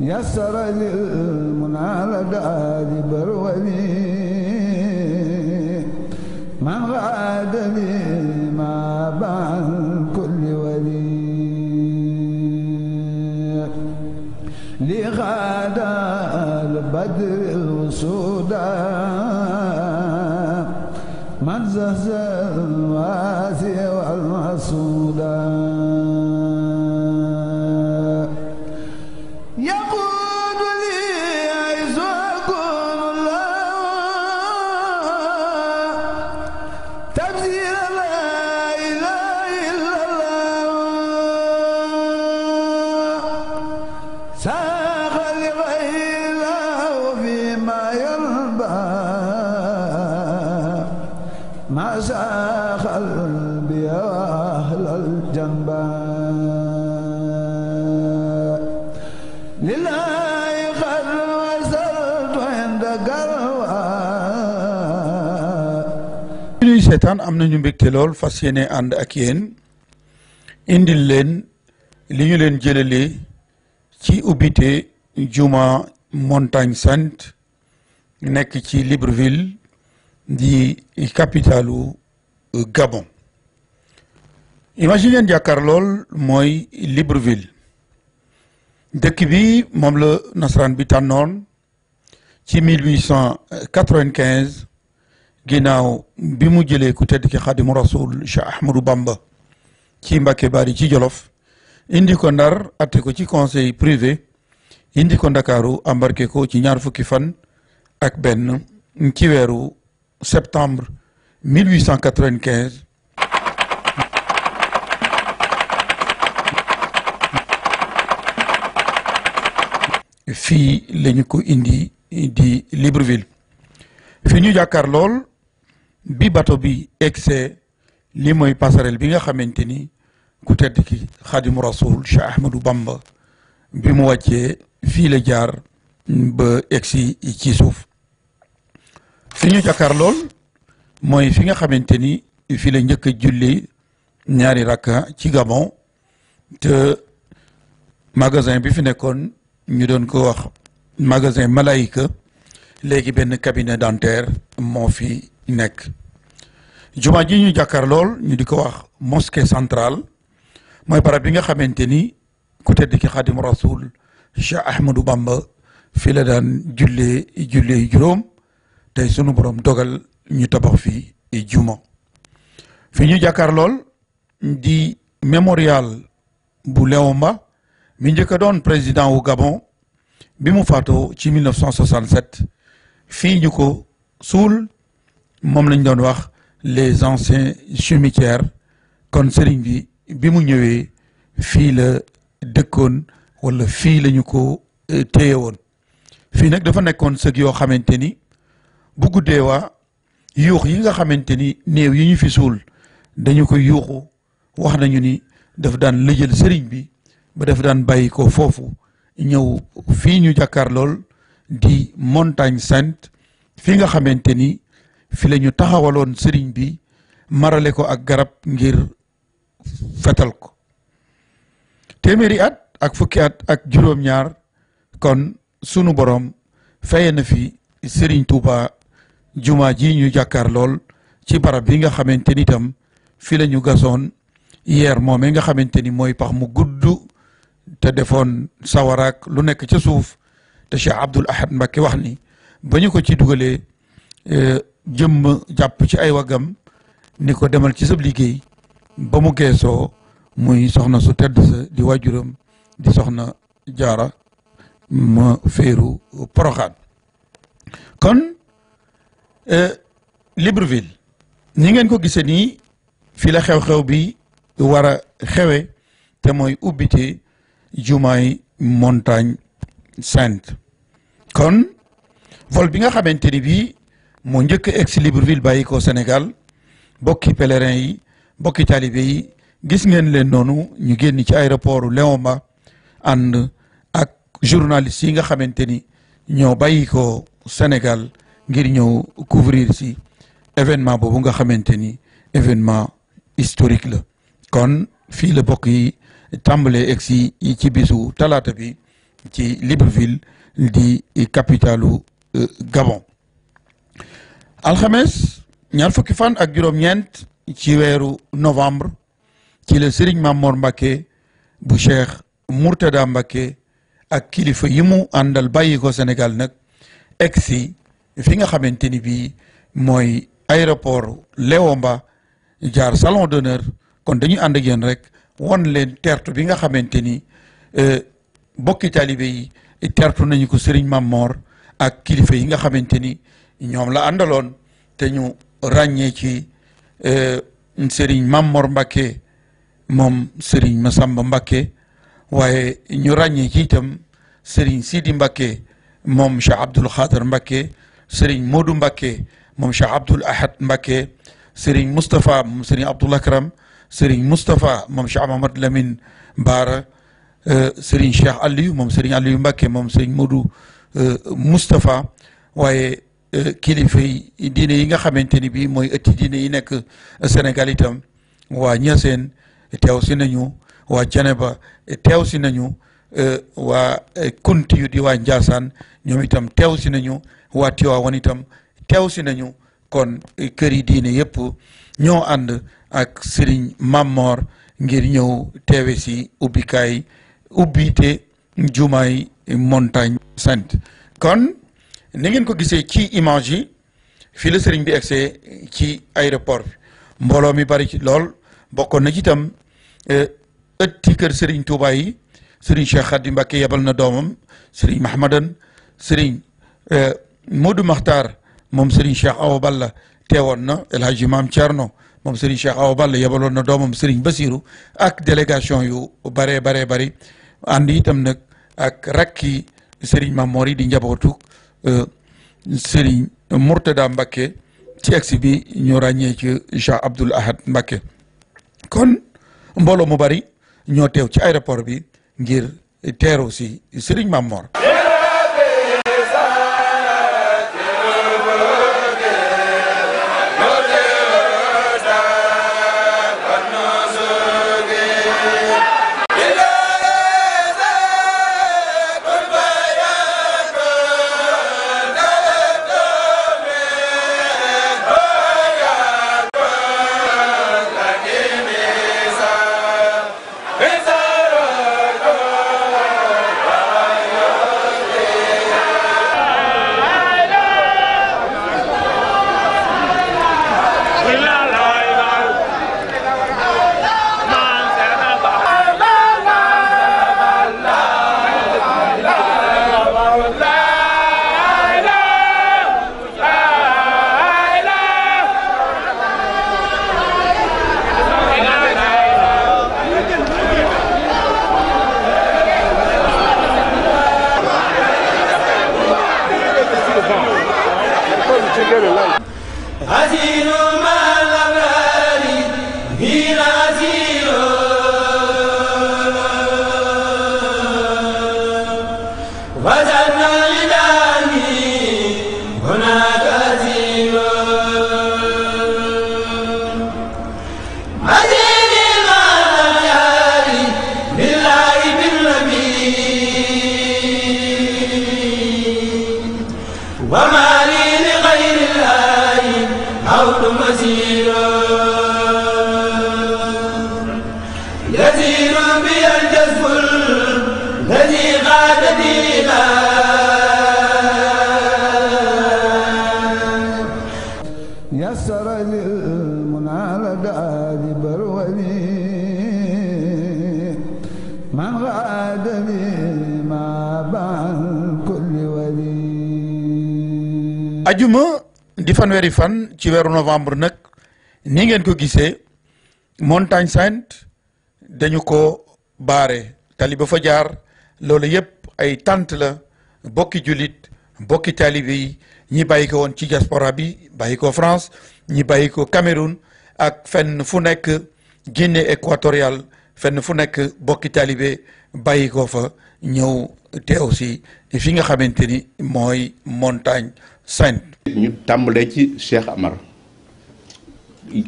يسر للمنال دار برولي من غاد لي ما بعد كل ولي لغاد البدر وسودا من زهزه seetaan am nañu mbégte lool fas yéene ànd ak yéen indil leen li ñu leen jëlalee ci ubbite juma Montagne Sainte nekk ci Libreville di capitalu euh, Gabon imagine leen jàkkaar lool mooy Libreville dëkk bi moom la nasaraan bi tànnoon ci 1895 ginnaaw bi mu jëlee ku tedd ki xadimu rasul Cheikh Ahmadou Bamba ci Mbàkke Bari ci Jolof indi ko Ndar atte ko ci conseil privé indi ko Ndakaaru embarqué ko ci ñaar fukki fan ak benn ci weeru septembre 1895 fii lañu ko indi di Libreville fi ñu jàkkaar lool bi bato bi egsee li mooy passerelle bi nga xamante ni ku tedd ki xadimu rasul Cheikh Ahmadou Bamba bi mu wàccee fii la jaar ba egsi ci suuf fi ñu jàkkaar lool mooy fi nga xamante ni fi la njëkk a julli ñaari rakka ci Gabon te magasin bi fi nekkoon ñu doon ko wax magasin Malaika léegi benn cabinet dentaire moo fi nekk juma ji ñu jàkkaar lool ñu di ko wax mosquée central mooy barab bi nga xamante ni ku tedd ki xadim rasul Cheikh Ahmadou Bamba fii la daan jullee jullee juróom tey sunu borom dogal ñu tabax fii juma fi ñu jàkkaar lool di mémorial bu Léon Mba mi njëkk a doon président wu Gabon bi mu faatoo ci 1967 fii ñu ko suul moom lañ doon wax les anciens cimetières kon sëriñ bi bi mu ñëwee fii la dëkkoon wala fii lañu ko e, téyewoon woon fii nag dafa nekkoon sëg yoo xamante ni bu guddee waa yuux yi nga xamante ni néew yi ñu fi suul dañu ko yuuxu wax nañu ni daf daan lëjël sëriñ bi ba daf daan bàyyi ko foofu ñëw fii ñu jàkkaar lool di montagne sainte fii nga xamante ni fi la ñu taxawaloon sëriñ bi marale ko ak garab ngir fetal ko téeméeri at ak fukki at ak juróom-ñaar kon sunu boroom faye na fi sëriñ Touba juma ji ñu jàkkaar lool ci barab bi nga xamante ni tam fi la ñu gasoon yeer moomee nga xamante ni mooy pax mu gudd te defoon sawaraak lu nekk ca suuf te Cheikh Abdoul Ahad Mbacké wax ni ba ko ci dugalee eh, jëmm jàpp ci ay waggam ni ko demal ci sab liggéey ba mu geesoo muy soxna su tedd sa di waajuram di soxna jaara ma féeru poroxaan kon e, Libreville ni ngeen ko gisee nii fii la xew-xew bi war a xewe te mooy ubbite jumaay montagne sainte kon vol bi nga xamante ni bii moo njëkk a egg si Libreville bàyyi ko Sénégal bokki pèlerin yi bokki taalibe yi gis ngeen leen noonu ñu génn ci aéroport Léon Mba ak journaliste yi nga xamante ni ñoo bàyyi ko Sénégal ngir ñëw couvrir si événement boobu nga xamante ni événement historique la kon fii la bokk yi tàmbalee egg si ci bisu talaata bi ci Libreville di capitalu euh, Gabon alxames ñaar fukki fan ak juróom-ñeent ci weeru novembre ci la Serigne Mamor Mbakke bu Cheikh Mourtada mbake ak kilifa yi mu àndal bàyyi ko Sénégal nag egsi fi nga xamante ni bii mooy aéroport mba jaar salon d'honneur kon dañuy ànd ak yéen rek won leen tertu bi nga xamante ni euh, bokki taalibe yi tertu nañu ko Serigne Mamor ak kilifa yi nga xamante ni. ñoom la àndaloon te ñu ràññee ci euh, sëriñ Mamor mbake moom sëriñ Masamba mbake waaye ñu ràññee ci itam sëriñ Sidi Mbakke moom Cheikh Abdoul Khader Mbakke sëriñ Modou Mbakke moom Cheikh Abdoul Ahad Mbakke sëriñ Moustapha moom sëriñ Abdoul Akram sëriñ Moustapha moom Cheikh Mahamad Lamine Baara euh, sëriñ Cheikh Aliou moom sëriñ Aliou Mbakke moom sëriñ Modou euh, Moustapha waaye. Euh, kilifa yi diine yi nga xamante ni bii mooy ëtti diine yi nekk Sénégal itam waa Niassène tew si nañu waa Thiénaba tew si nañu euh, waa euh, Kunti yu di waa Ndiassane ñoom itam teew si nañu waa Tiwaawan itam tew si nañu kon kër yi diine yëpp ñoo ànd ak Serigne Mamor ngir ñëw teewe si ubbikaay ubbite jumaay montagne sainte kon ni ngeen ko gisee ci image yi fii la sëriñ bi egsee ci aéroport bi mbooloo mi bari ci lool bokkoon na ci itam eh, ëtti kër sëriñ Touba yi sëriñ Cheikh Khady Mbacke yebal na doomam sëriñ Mahmadan sëriñ eh, Modou Makhtar moom sëriñ Cheikh Awa Balla teewoon na El Hadji Maam Thierno moom sëriñ Cheikh Awa Balla yebaloon na doomam sëriñ Basirou ak délégation yu baree baree bari ànd itam nag ak rakki sëriñ Mamor yi di njabootu Euh, Serigne Mourtada Mbacké ci egsi bi ñu ràññee ci Cheikh Abdoul Ahad Mbacké kon mbooloo mu bari ñoo teew ci aéroport bi ngir teeru si Serigne Mamor ajuma di fanweeri fan ci weeru novembre nag ni ngeen ko gisee montagne sainte dañu ko baare tali fa jaar loolu yëpp ay tant la bokki jullit bokki taalibe yi ñi bàyyi ko woon ci diaspora bi bàyyi ko France ñi bàyyi ko Cameroun ak fenn fu nekk Guinée équatoriale fenn fu nekk bokki taalibe bàyyi ko fa ñëw teew si fi nga xamante ni mooy montagne sainte. ñu tàmbalee ci Cheikh Amar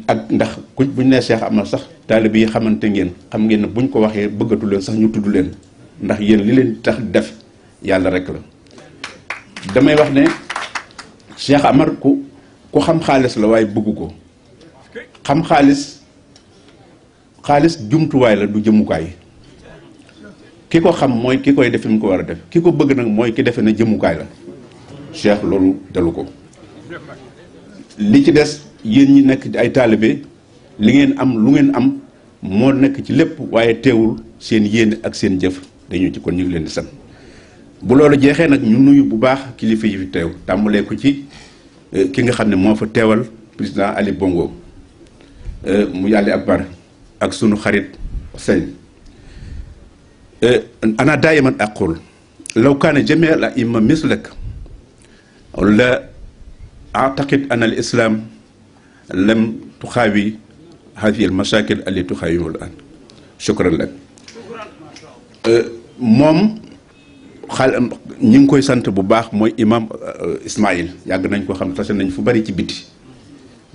ak ndax ku bu ñu nee Cheikh Amar sax taalibe yi xamante ngeen xam ngeen ne buñ ko waxee bëggatu leen sax ñu tudd leen ndax yéen li leen tax def yàlla rek la damay wax ne Cheikh Amar ku ku xam xaalis la waaye bëggu ko. xam xaalis xaalis jumtuwaay la du jëmmukaay ki ko xam mooy ki koy def mu ko war a def ki ko bëgg nag mooy ki defe na jëmukaay la cheikh loolu dalu ko li ci des yéen ñi nekk ay taalibe li ngeen am lu ngeen am moo nekk ci lépp waaye teewul seen yéene ak seen jëf dañu ci kon ñu ngi leen di sant bu loolu jeexee nag ñu nuyu bu baax kilifa yi fi teew tàmbalee ko ci eh, ki nga xam ne moo fa teewal président Ali Bongo Euh, mu yàlli ab bar ak sunu xarit sëñ euh, ana daayiman aqul law kaana jami al aima mislak la aataqid an al islam lam tuxaawi hadihi al mashakil alli tuxaawimu an shukran lak euh, moom xal ñi koy sant bu baax mooy imam Ismaïl yàgg nañ ko xam tase nañ fu bari ci biti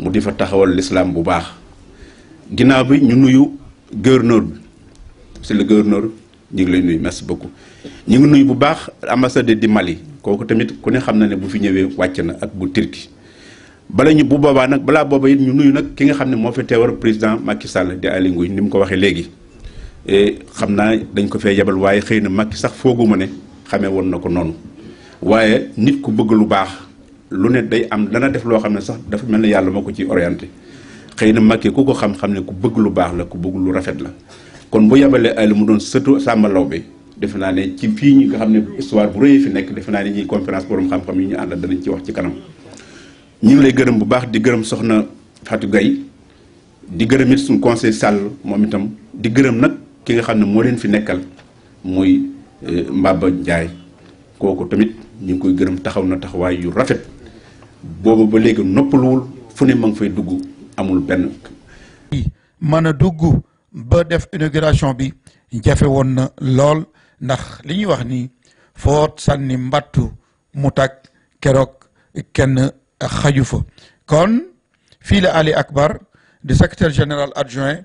mu di fa taxawal lislaam bu baax ginnaaw bi ñu nuyu gouverneur bi c'est le gouverneur ñu ngi lay nuyu merci beaucoup ñu ngi nuyu bu baax ambassadeur di Mali kooku tamit ku ne xam na ne bu fi ñëwee wàcc na ak bu Turquie bala ñu bu boobaa nag balaa booba it ñu nuyu nag ki nga xam ne moo fi teewar président Macky Sall di Aly ni mu ko waxee léegi e, xam naa dañ ko fee yebal waaye xëy na Macky sax fooguma ne xamee woon na ko noonu waaye nit ku bëgg lu baax lu ne day am dana def loo xam ne sax dafa mel ne yàlla moo ko ciy orienté xëy na Macky ku ko xam-xam ne ku bëgg lu baax la ku bëgg lu rafet la kon bu yabalee Ali mu doon sëtu Samba bi defe naa ne ci fii ñi nga xam ne histoire bu rëy fi nekk defe naa ne ñuy conférence borom xam-xam ñu àndal danañ ci wax ci kanam ngi lay gërëm bu baax di gërëm soxna Fatou Gaye di gërëm it suñu conseil moom itam di gërëm nag ki nga xam ne moo leen fi nekkal muy euh, Mbaba Ndiaye kooku tamit ñu ngi koy gërëm taxaw na taxawaay yu rafet boobu ba léegi noppaluwul fu ne ma ngi fay dugg amul benn. mën a dugg ba def inauguration bi jafe woon na lool ndax li ñuy wax ni foo sànni mbattu mu tag keroog kenn xaju fa kon fii la Ali Akbar di secrétaire général adjoint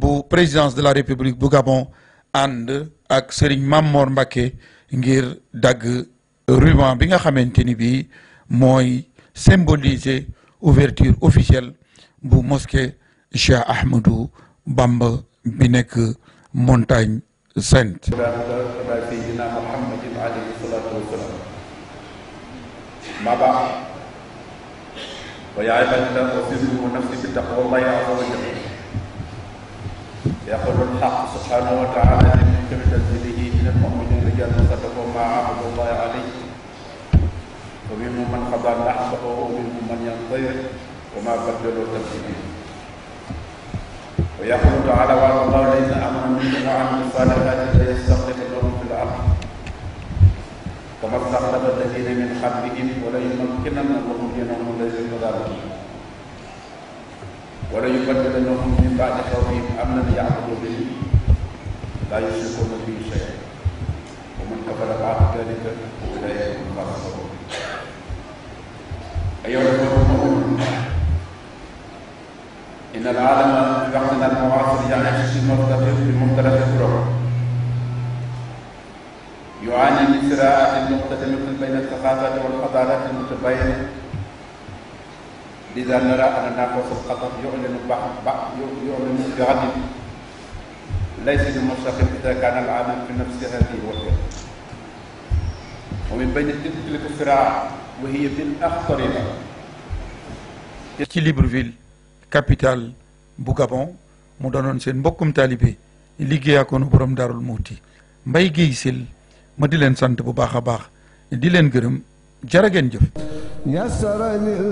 bu présidence de la république bu Gabon ànd ak Serigne Mamor Mbacké ngir dagg ruban bi nga xamante ni bii mooy symboliser ouverture officielle bu mosquée Cheikh Ahmadou Bamba bi nekk montagne sainte ويا عباد الله أوصيكم ونفسي بتقوى الله عز وجل يقول الحق سبحانه وتعالى من كم تنزيله من المؤمنين رجال صدقوا ما عهد الله عليه ومنهم من قضى نحبه ومنهم من ينتظر وما بدلوا تبديلا ويقول تعالى وعلى الله الذين امنوا منكم وعملوا الصالحات ليستخلفنهم في الارض كما استخلف الذين من قبلهم وليمكنن لهم دينهم الذي ارتضى وليبدلنهم من بعد خوفهم امنا يعبدوا به لا يشركون به شيئا ومن كفر بعد ذلك فاولئك هم الخاسرون ايها الاخوه إن العالم في وقتنا المعاصر يعيش في مرتبط بمختلف الطرق يعاني من صراعات مقتدمة بين الثقافات والحضارات المتباينة لذا نرى أن ناقوس القطر يعلن يعلن بعدل ليس بمستقيم إذا كان العالم في نفس هذه الوحدة ومن بين تلك الصراع وهي بالأخطر ci Libreville capitale bu Gabon mu doonoon seen mbokkum taalibe liggéeyaakoonu borom daarul muuti Mbaye Guèye ma di leen sant bu baax a baax di leen gërëm jërë jëf yasara lil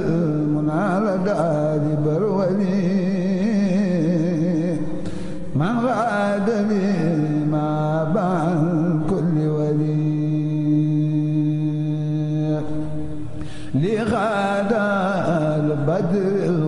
munaaladaadi barwani man raadani ma ban kulli wali li xaadal badr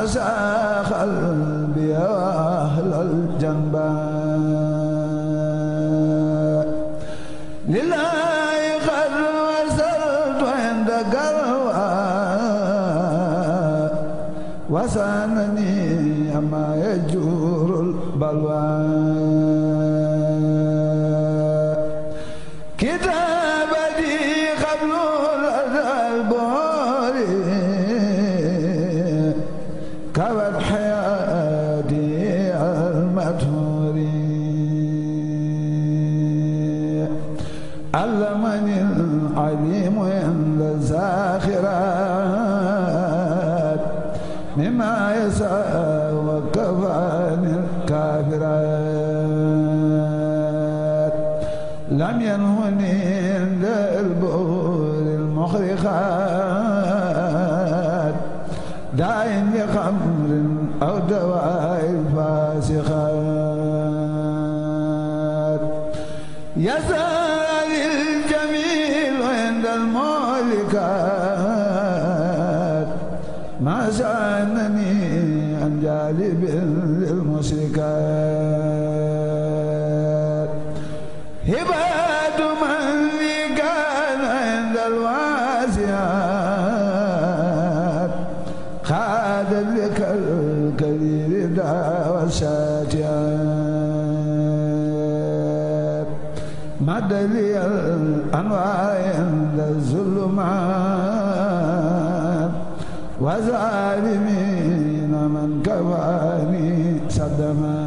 عسى قلبي أهل الجنباء لله قد وصلت عند قلوى وسانني أما يجور البلوى كتابتي قبل الألبوم خمر أو دواء فاسخات يسال الجميل عند المولكات ما سألني عن جالب ربك الكبير دعوساتها مد لي الأنواع عند الظلمات وظالمين من كفاني صدمات